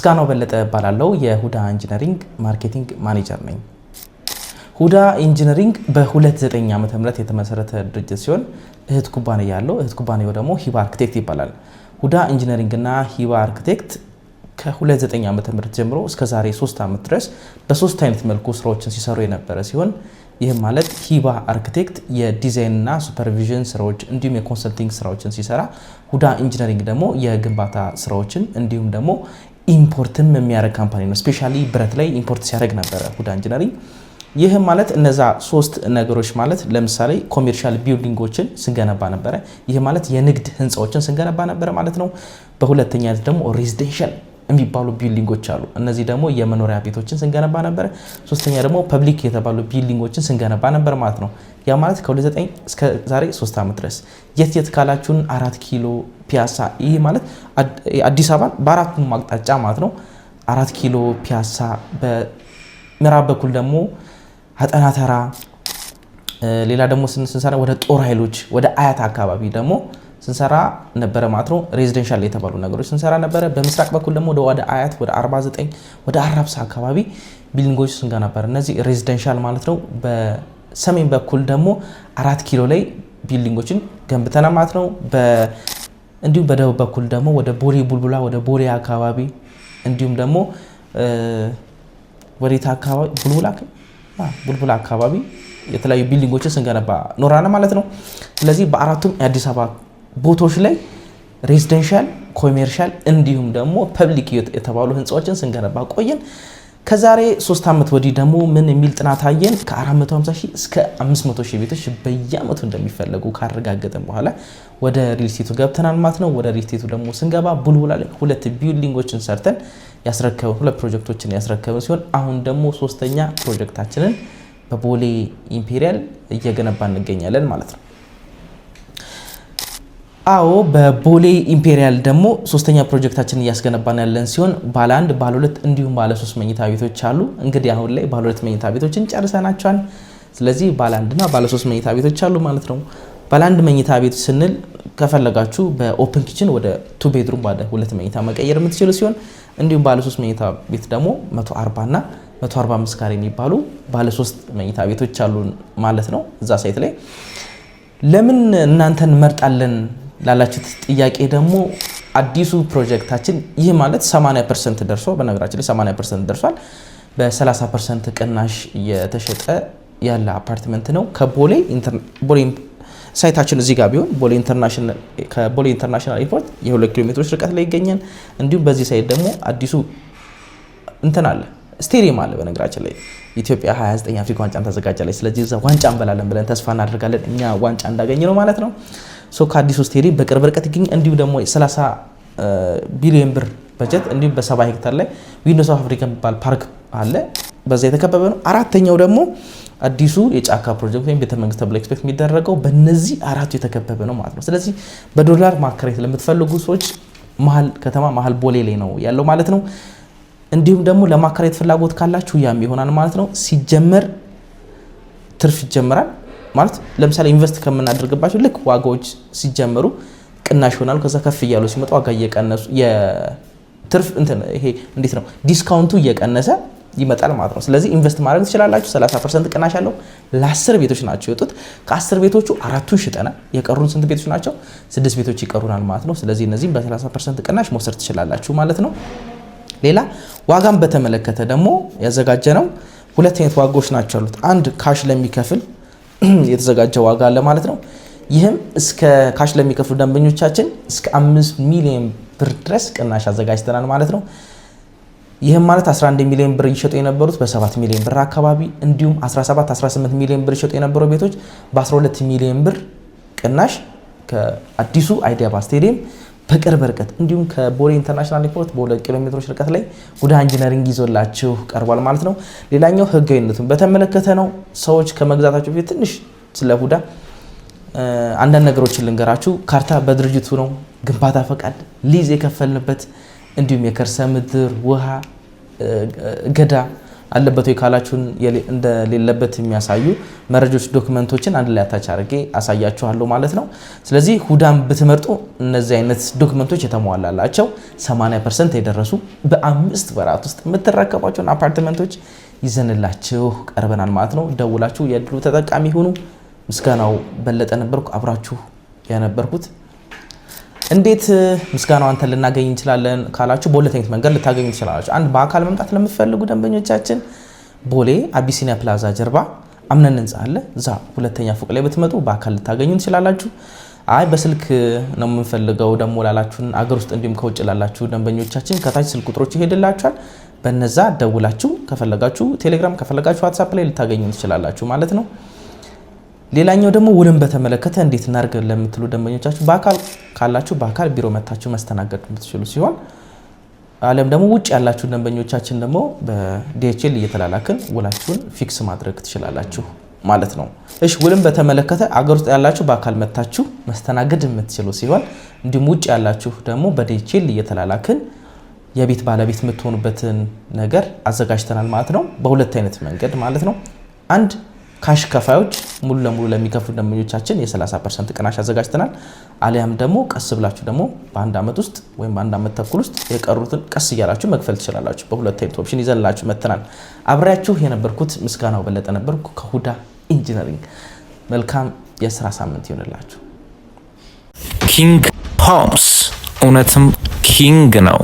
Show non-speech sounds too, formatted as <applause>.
ምስጋናው በለጠ እባላለሁ። የሁዳ ኢንጂነሪንግ ማርኬቲንግ ማኔጀር ነኝ። ሁዳ ኢንጂነሪንግ በ29 ዓመተ ምህረት የተመሰረተ ድርጅት ሲሆን እህት ኩባንያ ያለው እህት ኩባንያው ደግሞ ሂባ አርክቴክት ይባላል። ሁዳ ኢንጂነሪንግ እና ሂባ አርክቴክት ከ29 ዓመተ ምህረት ጀምሮ እስከ ዛሬ 3 ዓመት ድረስ በሶስት አይነት መልኩ ስራዎችን ሲሰሩ የነበረ ሲሆን ይህም ማለት ሂባ አርክቴክት የዲዛይንና ሱፐርቪዥን ስራዎች እንዲሁም የኮንሰልቲንግ ስራዎችን ሲሰራ ሁዳ ኢንጂነሪንግ ደግሞ የግንባታ ስራዎችን እንዲሁም ደግሞ ኢምፖርትም የሚያደርግ ካምፓኒ ነው። ስፔሻሊ ብረት ላይ ኢምፖርት ሲያደርግ ነበረ ሁዳ ኢንጂነሪንግ። ይህም ማለት እነዛ ሶስት ነገሮች ማለት ለምሳሌ ኮሜርሻል ቢልዲንጎችን ስንገነባ ነበረ። ይህ ማለት የንግድ ህንፃዎችን ስንገነባ ነበረ ማለት ነው። በሁለተኛ ደግሞ ሬዚደንሻል የሚባሉ ቢልዲንጎች አሉ። እነዚህ ደግሞ የመኖሪያ ቤቶችን ስንገነባ ነበር። ሶስተኛ ደግሞ ፐብሊክ የተባሉ ቢልዲንጎችን ስንገነባ ነበር ማለት ነው። ያ ማለት ከ29 እስከ ዛሬ 3 ዓመት ድረስ የት የት ካላችሁን አራት ኪሎ ፒያሳ፣ ይሄ ማለት አዲስ አበባን በአራቱም አቅጣጫ ማለት ነው። አራት ኪሎ ፒያሳ፣ በምዕራብ በኩል ደግሞ አጠናተራ ሌላ ደግሞ ስንሰራ ወደ ጦር ኃይሎች ወደ አያት አካባቢ ደግሞ ስንሰራ ነበረ ማለት ነው። ሬዚደንሻል የተባሉ ነገሮች ስንሰራ ነበረ። በምስራቅ በኩል ደግሞ ወደ አያት ወደ 49 ወደ አራብሳ አካባቢ ቢልዲንጎች ስንጋ ነበር። እነዚህ ሬዚደንሻል ማለት ነው። በሰሜን በኩል ደግሞ አራት ኪሎ ላይ ቢልዲንጎችን ገንብተና ማለት ነው። እንዲሁም በደቡብ በኩል ደግሞ ወደ ቦሌ ቡልቡላ ወደ ቦሌ አካባቢ እንዲሁም ደግሞ ወዴት አካባቢ ቡልቡላ ቡልቡላ አካባቢ የተለያዩ ቢልዲንጎችን ስንገነባ ኖራነ ማለት ነው። ስለዚህ በአራቱም የአዲስ አበባ ቦታዎች ላይ ሬዚደንሻል፣ ኮሜርሻል እንዲሁም ደግሞ ፐብሊክ የተባሉ ህንፃዎችን ስንገነባ ቆየን። ከዛሬ ሶስት ዓመት ወዲህ ደግሞ ምን የሚል ጥናት አየን? ከ450 እስከ 500 ቤቶች በየአመቱ እንደሚፈለጉ ካረጋገጠን በኋላ ወደ ሪልስቴቱ ገብተናል ማለት ነው። ወደ ሪልስቴቱ ደግሞ ስንገባ ቡልቡላ ላይ ሁለት ቢልዲንጎችን ሰርተን ያስረከብን ሁለት ፕሮጀክቶችን ያስረከብን ሲሆን አሁን ደግሞ ሶስተኛ ፕሮጀክታችንን በቦሌ ኢምፔሪያል እየገነባ እንገኛለን ማለት ነው። አዎ በቦሌ ኢምፔሪያል ደግሞ ሶስተኛ ፕሮጀክታችን እያስገነባን ያለን ሲሆን ባለ አንድ ባለ ሁለት እንዲሁም ባለ ሶስት መኝታ ቤቶች አሉ። እንግዲህ አሁን ላይ ባለ ሁለት መኝታ ቤቶችን ጨርሰናቸዋል። ስለዚህ ባለ አንድና ባለ ሶስት መኝታ ቤቶች አሉ ማለት ነው። ባለ አንድ መኝታ ቤት ስንል ከፈለጋችሁ በኦፕን ኪችን ወደ ቱ ቤድሩም ባለ ሁለት መኝታ መቀየር የምትችሉ ሲሆን እንዲሁም ባለ ሶስት መኝታ ቤት ደግሞ 140 እና 145 ካሬ የሚባሉ ባለ ሶስት መኝታ ቤቶች አሉ ማለት ነው እዛ ሳይት ላይ። ለምን እናንተን መርጣለን ላላችሁት ጥያቄ ደግሞ አዲሱ ፕሮጀክታችን ይህ ማለት 80 ፐርሰንት ደርሶ በነገራችን ላይ 80 ፐርሰንት ደርሷል። በ30 ፐርሰንት ቅናሽ እየተሸጠ ያለ አፓርትመንት ነው። ከቦሌ ሳይታችን እዚህ ጋር ቢሆን ከቦሌ ኢንተርናሽናል ኤርፖርት የሁለት ኪሎ ሜትሮች ርቀት ላይ ይገኛል። እንዲሁም በዚህ ሳይት ደግሞ አዲሱ እንትን አለ ስቴዲየም አለ። በነገራችን ላይ ኢትዮጵያ 29 አፍሪካ ዋንጫን ታዘጋጃለች። ስለዚህ እዛ ዋንጫ እንበላለን ብለን ተስፋ እናደርጋለን። እኛ ዋንጫ እንዳገኘ ነው ማለት ነው። ሰው ከአዲሱ ሄደ በቅርብ ርቀት ይገኛል። እንዲሁም ደግሞ 30 ቢሊዮን ብር በጀት እንዲሁም በሰባ ሄክታር ላይ ዊንዶስ ኦፍ አፍሪካ የሚባል ፓርክ አለ። በዛ የተከበበ ነው። አራተኛው ደግሞ አዲሱ የጫካ ፕሮጀክት ወይም ቤተመንግስት ተብሎ ኤክስፔክት የሚደረገው በነዚህ አራቱ የተከበበ ነው ማለት ነው። ስለዚህ በዶላር ማከራየት ለምትፈልጉ ሰዎች መሀል ከተማ መሀል ቦሌ ላይ ነው ያለው ማለት ነው። እንዲሁም ደግሞ ለማከራየት ፍላጎት ካላችሁ ያም ይሆናል ማለት ነው። ሲጀመር ትርፍ ይጀምራል። ማለት ለምሳሌ ኢንቨስት ከምናደርግባቸው ልክ ዋጋዎች ሲጀመሩ ቅናሽ ይሆናሉ። ከዛ ከፍ እያሉ ሲመጣ ዋጋ እየቀነሱ ትርፍ ይሄ እንዴት ነው ዲስካውንቱ እየቀነሰ ይመጣል ማለት ነው። ስለዚህ ኢንቨስት ማድረግ ትችላላችሁ። 30 ፐርሰንት ቅናሽ አለው። ለአስር ቤቶች ናቸው የወጡት። ከአስር ቤቶቹ አራቱን ሽጠና የቀሩን ስንት ቤቶች ናቸው? ስድስት ቤቶች ይቀሩናል ማለት ነው። ስለዚህ እነዚህም በ30 ፐርሰንት ቅናሽ መውሰድ ትችላላችሁ ማለት ነው። ሌላ ዋጋን በተመለከተ ደግሞ ያዘጋጀ ነው ሁለት አይነት ዋጋዎች ናቸው ያሉት። አንድ ካሽ ለሚከፍል <clears throat> የተዘጋጀ ዋጋ አለ ማለት ነው። ይህም እስከ ካሽ ለሚከፍሉ ደንበኞቻችን እስከ አምስት ሚሊዮን ብር ድረስ ቅናሽ አዘጋጅተናል ማለት ነው። ይህም ማለት 11 ሚሊዮን ብር እየሸጡ የነበሩት በ7 ሚሊዮን ብር አካባቢ እንዲሁም 17 18 ሚሊዮን ብር እየሸጡ የነበሩ ቤቶች በ12 ሚሊዮን ብር ቅናሽ ከአዲሱ አይዲያ ባር ስቴዲየም በቅርብ ርቀት እንዲሁም ከቦሌ ኢንተርናሽናል ኤርፖርት በሁለት ኪሎ ሜትሮች ርቀት ላይ ጉዳ ኢንጂነሪንግ ይዞላችሁ ቀርቧል ማለት ነው። ሌላኛው ህጋዊነቱን በተመለከተ ነው። ሰዎች ከመግዛታቸው በፊት ትንሽ ስለ ሁዳ አንዳንድ ነገሮችን ልንገራችሁ። ካርታ በድርጅቱ ነው። ግንባታ ፈቃድ፣ ሊዝ የከፈልንበት እንዲሁም የከርሰ ምድር ውሃ ገዳ አለበት ወይ ካላችሁን እንደሌለበት የሚያሳዩ መረጃዎች፣ ዶክመንቶችን አንድ ላይ አታች አድርጌ አሳያችኋለሁ ማለት ነው። ስለዚህ ሁዳን ብትመርጡ እነዚህ አይነት ዶክመንቶች የተሟላላቸው 80 ፐርሰንት የደረሱ በአምስት ወራት ውስጥ የምትረከቧቸውን አፓርትመንቶች ይዘንላችሁ ቀርበናል ማለት ነው። ደውላችሁ የድሉ ተጠቃሚ ሁኑ። ምስጋናው በለጠ ነበርኩ አብራችሁ የነበርኩት እንዴት ምስጋናው አንተን ልናገኝ እንችላለን ካላችሁ፣ በሁለት አይነት መንገድ ልታገኙ ትችላላችሁ። አንድ በአካል መምጣት ለምትፈልጉ ደንበኞቻችን ቦሌ አቢሲኒያ ፕላዛ ጀርባ አምነን ህንፃ አለ። እዛ ሁለተኛ ፎቅ ላይ ብትመጡ በአካል ልታገኙ ትችላላችሁ። አይ በስልክ ነው የምንፈልገው ደግሞ ላላችሁን አገር ውስጥ እንዲሁም ከውጭ ላላችሁ ደንበኞቻችን ከታች ስልክ ቁጥሮች ይሄድላችኋል። በነዛ ደውላችሁ ከፈለጋችሁ ቴሌግራም፣ ከፈለጋችሁ ዋትሳፕ ላይ ልታገኙ ትችላላችሁ ማለት ነው። ሌላኛው ደግሞ ውልን በተመለከተ እንዴት እናርገ ለምትሉ ደንበኞቻችሁ በአካል ካላችሁ በአካል ቢሮ መታችሁ መስተናገድ የምትችሉ ሲሆን አለም ደግሞ ውጭ ያላችሁ ደንበኞቻችን ደግሞ በዲኤችኤል እየተላላክን ውላችሁን ፊክስ ማድረግ ትችላላችሁ ማለት ነው። እሽ ውልን በተመለከተ አገር ውስጥ ያላችሁ በአካል መታችሁ መስተናገድ የምትችሉ ሲሆን እንዲሁም ውጭ ያላችሁ ደግሞ በዲኤችኤል እየተላላክን የቤት ባለቤት የምትሆኑበትን ነገር አዘጋጅተናል ማለት ነው። በሁለት አይነት መንገድ ማለት ነው። አንድ ካሽ ከፋዮች ሙሉ ለሙሉ ለሚከፍሉ ደንበኞቻችን የ30 ፐርሰንት ቅናሽ አዘጋጅተናል። አሊያም ደግሞ ቀስ ብላችሁ ደግሞ በአንድ ዓመት ውስጥ ወይም በአንድ ዓመት ተኩል ውስጥ የቀሩትን ቀስ እያላችሁ መክፈል ትችላላችሁ። በሁለት አይነት ኦፕሽን ይዘንላችሁ መጥተናል። አብሬያችሁ የነበርኩት ምስጋናው በለጠ ነበርኩ ከሁዳ ኢንጂነሪንግ። መልካም የስራ ሳምንት ይሆንላችሁ። ኪንግ ሆምስ እውነትም ኪንግ ነው።